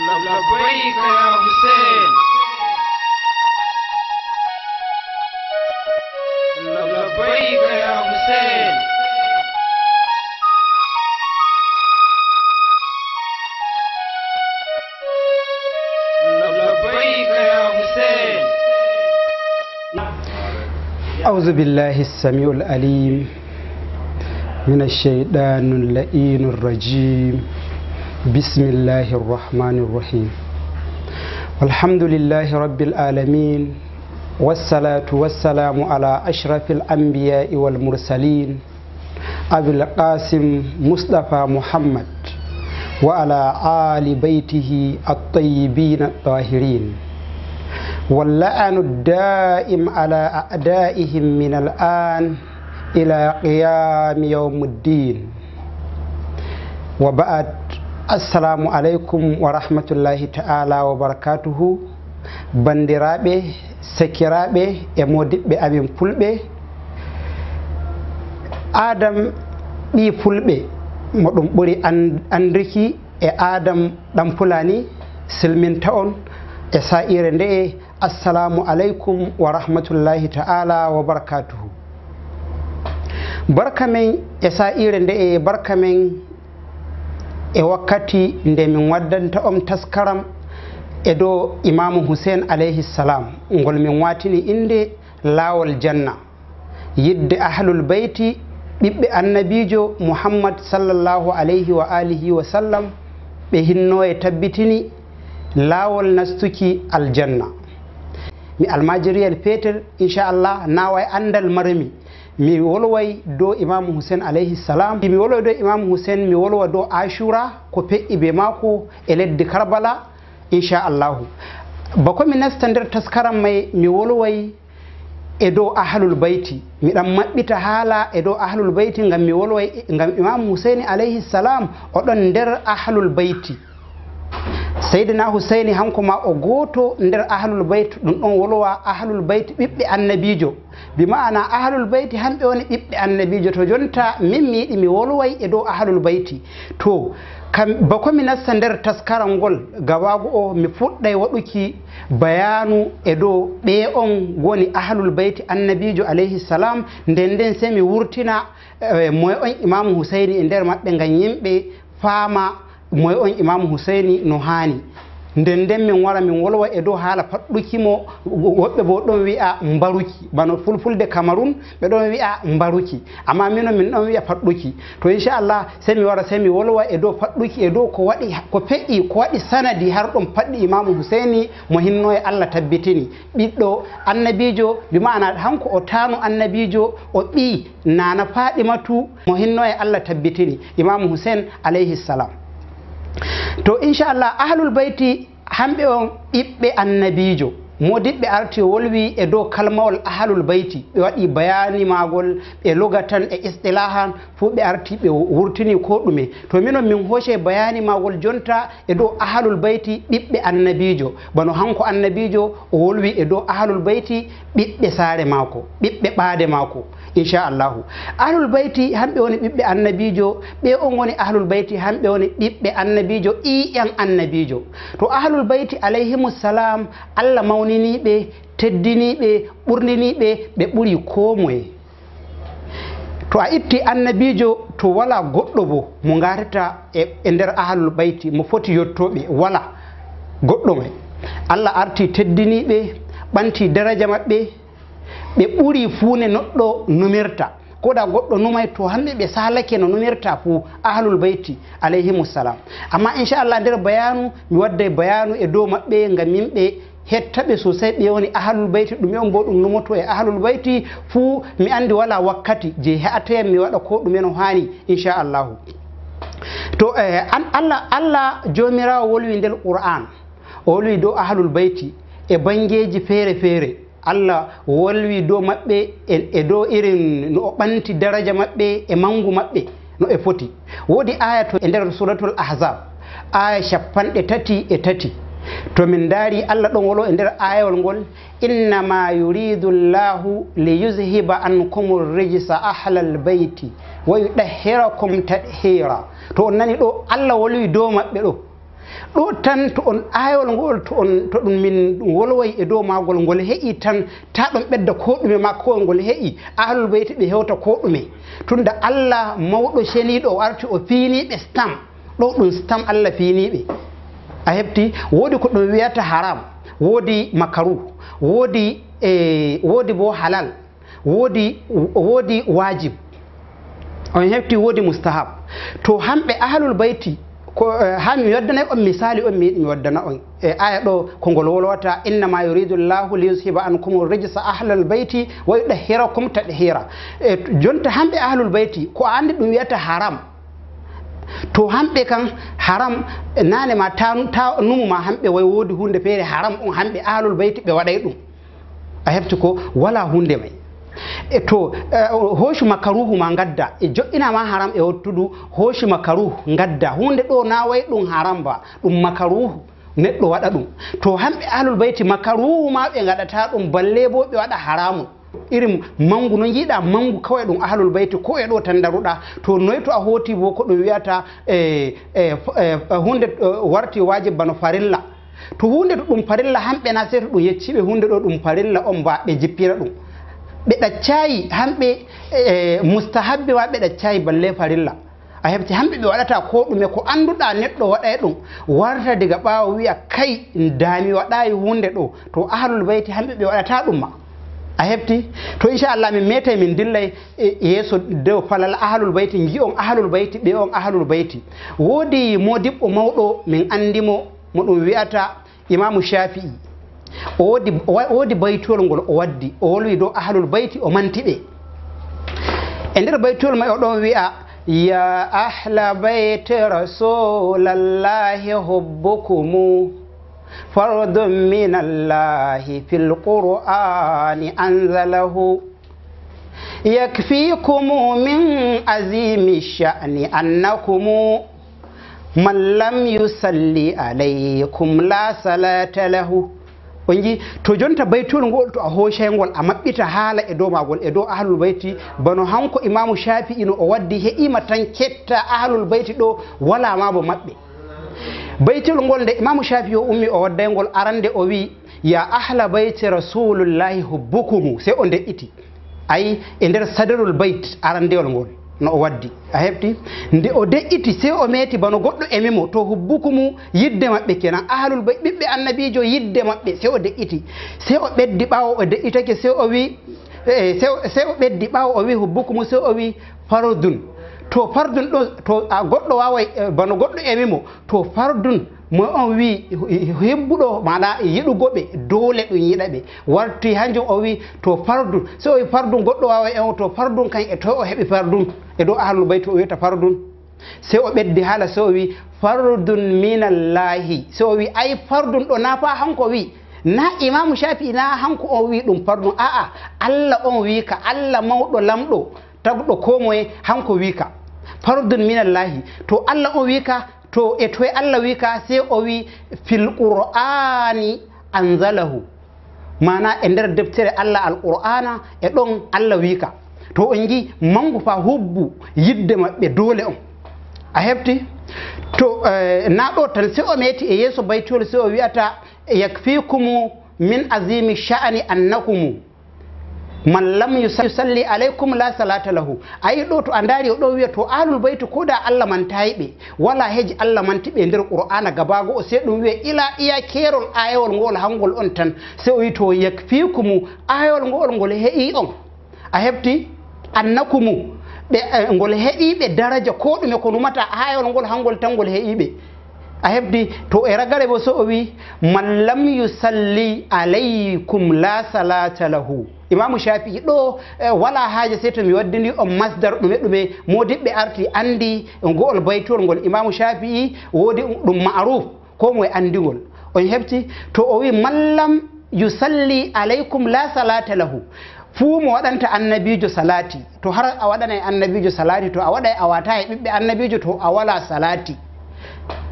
لبيك يا حسين لبيك يا حسين أعوذ بالله السميع العليم من الشيطان اللئيم الرجيم بسم الله الرحمن الرحيم الحمد لله رب العالمين والصلاة والسلام على أشرف الأنبياء والمرسلين أبي القاسم مصطفى محمد وعلى آل بيته الطيبين الطاهرين واللعن الدائم على أعدائهم من الآن إلى قيام يوم الدين وبعد assalamu aleykum wa rahmatullahi taala wa barakatuhu bandiraɓe sekiraɓe e modiɓɓe amin pulɓe adam ɓi fulɓe mo ɗum ɓuri andiki e adam ɗam pulani silminta on e sa'ire nde e assalamu aleykum wa rahmatullahi taala wa barakatuhu barka men e sa'ire nde e barka men e wakkati nde min waddanta on taskaram e dow imamu husein alayhi salam ngol min watini inde laawol janna yidde ahlul bayti ɓiɓɓe annabijo muhammad sallallahu alayhi wa alihi wa sallam ɓe hinno e tabbitini laawol nastuki aljanna mi almajiriyel petel inchallah nawa e andal marami mi wolway do Imam Hussein alayhi salam mi wolwa do Imam Hussein mi wolwa do ashura ko fe'i be mako e leddi karbala inchallahu bako mi nasta nder taskaran mai mi wolway e do ahlul bayti dan maɓɓita hala e do ahlul bayti ngam mi wolway ngam Imam Hussein alayhi salam don nder ahlul bayti seydina huseyni hanko ma o gooto nder ahlul bayt ɗum ɗon wolowa ahlul bayti ɓiɓɓe annabijo bi mana ahlul bayti hamɓe woni ɓiɓɓe annabijo to jonta min mi yiɗi mi wolway e dow ahlul bayti to kam bakomi nasta nder taskaral ngol gawago o mi fuɗɗay waɗuki bayanu e dow ɓe on woni ahlul bayti annabijo alayhi salam nden nden se mi wurtina e, moe on imamu huseyni e nder maɓɓe gam yimɓe faama moy on imamu husaini no haani nden nden min wara min wolwa e dow haala mo, woɓɓe bo ɗon wi'a mbaruki bano fulfulde kamarun ɓe ɗon wi'a mbaruki amma mino min ɗon wi'a faɗɗuki. to inchallah sey mi wara sey mi wolwa e dow faɗɗuki e dow ko waɗi ko feƴƴi ko waɗi sanadi har ɗon paɗɗi imamu husaini mo hinno e allah tabbitini ɓiɗɗo annabijo bimana hanko o tanu, annabijo o ɓi nana faɗimatu mo hinno e allah tabbitini imamu husain alayhi salam to inchallah ahlul bayti hamɓe on ɓiɓɓe annabijo modiɓɓe arti wolwi e dow kalmawol ahlul bayti ɓe waɗi bayani magol ɓe loga tan e istilahan fuu ɓe arti ɓe wurtini ko ɗume to minon min hoose bayani magol jonta e dow ahlul bayti ɓiɓɓe annabijo bano hanko annabijo o wolwi e dow ahlul bayti ɓiɓɓe saare maako ɓiɓɓe ɓaade maako inchallahu ahlul bayti hamɓe woni ɓiɓɓe annabijo ɓe on woni ahlul bayti hamɓe woni ɓiɓɓe annabijo i en annabijo to ahlul bayti alayhimussalam allah mawniniɓe teddiniɓe ɓurniniɓe ɓe ɓuri komoye to a itti annabijo to wala goɗɗo bo mo gatata e, e nder ahlul bayti mo foti yettoɓe wala goɗɗo may allah arti teddiniɓe ɓanti daraja maɓɓe ɓe ɓuri fuu ne neɗɗo numirta koɗa goɗɗo numay to hamɓe ɓe salake no numirta fuu ahlul bayti alayhimusalam amma inchallah nder bayanu mi wadday bayanu e dow maɓɓe ngam minɓe hettaɓe sosai ɓe woni ahlul bayti ɗum on bo ɗum numoto e ahlul bayti fuu mi andi wala wakkati je heatayam mi waɗa ko ɗumen hani inchallahu to eh, an, allah, allah jomirawo wolwi ndel qur'an o wolwi dow ahlul bayti e bangeji feere feere allah wolwi dow maɓɓe e, e dow irin no o ɓanti daraja maɓɓe e mangu maɓɓe no e foti woodi aya to e nder suratul ahzab aya shapanɗe tati e tati to min daari allah ɗon wolo e nder aayawol ngol innama yuridu llahu liyushiba ankumul rijisa ahlal beyti wa yuɗahirakum tathira to on nani ɗo allah wolwi dow maɓɓe ɗo ɗo tan to on ayol ngol to on to ɗum min wolwoy e dow magol ngol heƴi tan ta ɗon ɓedda ko ɗume ma ko ngol heƴi ahlul beyte ɓe hewta ko ɗume tunda allah mawɗo ceniɗo o arti o fiiniɓe stam ɗo ɗum stam allah fiiniɓe a hefti woodi ko ɗum wiyata haram woodi makaru woodi e woodi bo halal woodi woodi wajib on hefti woodi moustahab to hamɓe ahlul beyti ko han mi waddana on misali on mi yiɗi mi waddana on e aya ɗo kongol wolwata innama yuridu llahu liyushiba ankum rijsa ahlal beyti wa yudahirakum tadhira e jonta hamɓe ahlul beyti ko andi ɗum wiyata haram to hamɓe kan haram nane ma ta numuma hamɓe way wodi hunde feere haram on hamɓe ahlul beyti ɓe waɗay ɗum a hefti ko wala hunde may e to e, hoocima karuhu ma gadda e joƴinama haram e hottudu hoocima karuhu gadda hunde ɗo naway ɗum haram ba ɗum makaruhu neɗɗo waɗa ɗum to hamɓe ahlul bayti makaruhu ma ɓe gaɗata ɗum balle bo ɓe waɗa haramu iri mangu no jiiɗa mangu kawa ɗum ahlul bayti ko e ɗo tan daruɗa to noyi to a hooti bo ko ɗum wiyata e, e, e hunde warti waji bano farilla to hunde to ɗum farilla hamɓe na seto ɗum yecciɓe hunde ɗo ɗum farilla on ba ɓe jippira ɗum ɓe ɗaccayi hamɓe e, mustahabbe ma ɓe ɗaccayi balle farilla a hefti hamɓe ɓe waɗata ko ɗume ko annduɗa neɗɗo waɗay ɗum warta diga ɓawo wiya kay daami waɗayi hunde ɗo to ahlul bayti hamɓe ɓe waɗata ɗumma a hefti to inchallah min metay min dillay e, yeeso dow falal ahlul bayti gi on ahlul bayti ɓe on ahlul bayti woodi modiɓɓo mawɗo min anndimo mo ɗum wiyata imamu shafii woodi woodi baytuwol ngol o waddi o wolwi dow ahlul bayti o manti ɓe e nder baytuwol may oɗo wi'a ya ahla bayte rasulallahi hubbukumu fardum minallahi fi l qur'ani anzalahu yakfikumu min azimi shani annakumu man lam yusalli alaykum la salata lahu o jii to jonta baytol ngol to a hoosaygol a maɓɓita haala e dow magol e dow ahlul bayti bano hanko imamu shafi ino o waddi heɓima tan ketta ahlul bayti ɗo wala mabo maɓɓe baytol ngol nde imamu shafi o ummi o waddaygol arande o wi ya ahla bayti rasulullahi hubbukumu sey o de iti ayi e nder sadarul bayt arandewol ngol no o waddi a hefti nde o de'iti sey o meeti bano goɗɗo eme mo to hubbuku mu yidde maɓɓe kena ahlul bay ɓiɓɓe annabijo yidde maɓɓe sey o de'iti sey o ɓeddi ɓawo o de'itake sey o wi e, e, sey o ɓeddi ɓawo o wi hubbuku mu sey o wi pardun to pardun ɗo to a goɗɗo waway e, bano goɗɗo eme mo to pardun mo on wi hebbuɗo maɗa yiɗugoɓe dole ɗum yiɗa ɓe wartoy hanjum o wi to pardun so o wi pardun goɗɗo wawa en o to pardun kan e toy o heeɓi pardun e dow ahlu ɓay to o e wiyata pardun se o ɓeddi haala so o wi pardun minallahi so o wi ay pardun ɗo nafa hanko wi na imamu shafi na hanko on wi ɗum pardun aa allah on wika allah mawɗo lamɗo taguɗo komoye hanko wika pardun minallahi to allah on wika E to e allah wi ka o wi fil qur'ani anzalahu mana e nder deftere allah alqur'ana e don allah wi to on gi mangu fa hubbu yidde maɓɓe dole on a hefti to eh, na ɗo tan sai o meti e yeso baytul sai o wiyata yakfikumu min azimi sha'ani annakumu man lam yusalli alaykum la salata lahu ayi ɗo to a ndaari o ɗo wiya to alul bayti ko da allah mantayi ɓe wala heji allah manti ɓe nder qur'ana gabago o se ɗum wiya ila iya keerol ayewol ngol hangol on tan se o wi to yakfikumu ayewol ngol ngol heƴi on a hefti annakumu ɓe eh, ngol heƴi ɓe daraja ko ɗume ko numata ayewol ngol hangol tan ngol heƴi ɓe a hebdi to e ragare bo so o wi man lam yusalli alaykum la salata lahu imamu shafii ɗo wala haaja sey to mi waddini on masdar ɗume ɗume modiɓɓe arti andi go'ol baytol ngol imamu shafii woodi ɗum maruf ko moye andigol on heɓti to o wi man lam yusalli alaykum la salata lahu fuu mo waɗanta annabijo salati to har a waɗanay annabijo salati to a waɗay a wata e ɓiɓɓe annabijo to a wala salati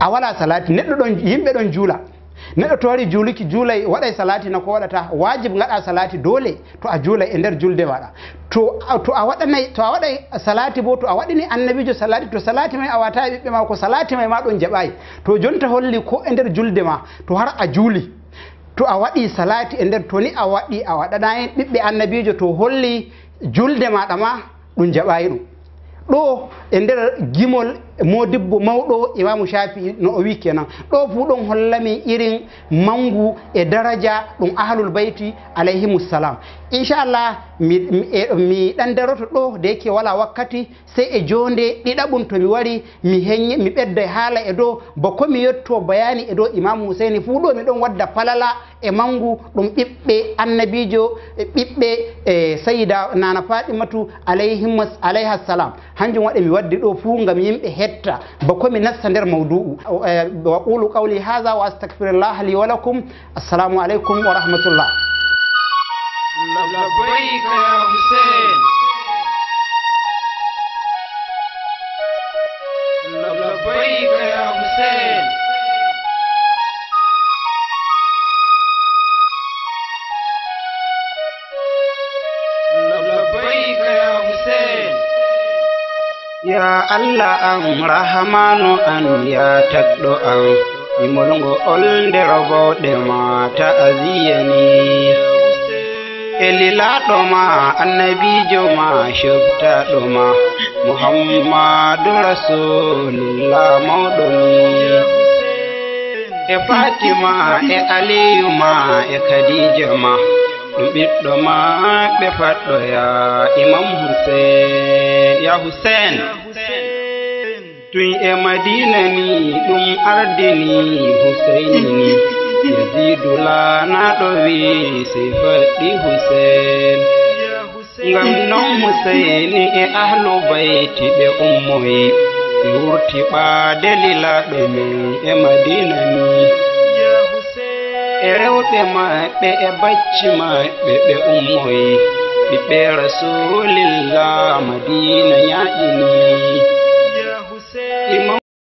a wala salati neɗɗo ɗon yimɓe ɗon juula neɗɗo toori juuluki juulay waɗay salati na ko waɗata wajib gaɗa salati doole to a juulay e nder julde waɗa to to a waɗanay to a waɗay salati bo to a waɗini annabijo salati to salati may a wata e ɓiɓɓe ma ko salati may ma ɗon jaɓayi to jonta holli ko e nder julde ma to har a juuli to a waɗi salati e nder toni a waɗi a waɗana en ɓiɓɓe annabijo to holli julde maɗa ma ɗum jaɓayi ɗum ɗo e nder gimol modibbo mawɗo imamu shafi no o wi kenan ɗo fuu ɗon hollamin irin mangu e daraja ɗum ahlul bayti alayhimussalam inchallah mi, mi, e, mi ɗandaroto ɗo deke wala wakkati sey e jonde ɗiɗaɓum to mi wari mi heñe mi ɓedda haala e dow bakomi yetto bayani e dow imamu huseine fuu ɗo miɗon wadda falala e mangu ɗum ɓiɓɓe annabijo e ɓiɓɓe e sayida nana fatimatu alayhim alayha ssalam hanjum waɗi mi waddi ɗo fuu gam yimɓe hetta ba komi nasta nder mawdu'u wa qulu qawli hadha wa astaghfirullah li wa lakum assalamu alaikum wa rahmatullah labbaik ya hussein labbaik ya hussein ya allah an rahamanu an ya tagɗo an imolgo olde roboɗe ma ta aziyani elilaɗo ma annabijo ma shobtaɗo ma muhammadu rasulillah mawɗoni e fatima e aliyu ma e kadija ma ɗum ɓiɗɗo ɓe faɗɗoya imam husen ya husen tun e madina ni ɗum ardini husaini yazidu lanaɗo wi sey faɗɗi husen ngam non husaini e ahlu bayti ɓe ummoyi ɓe wurti ɓaade lilaɓe men e madina ni rewɓe maɓɓe e bacci maɓɓe ɓe ummoyi ɓiɓɓe rasulillah madina yaɗini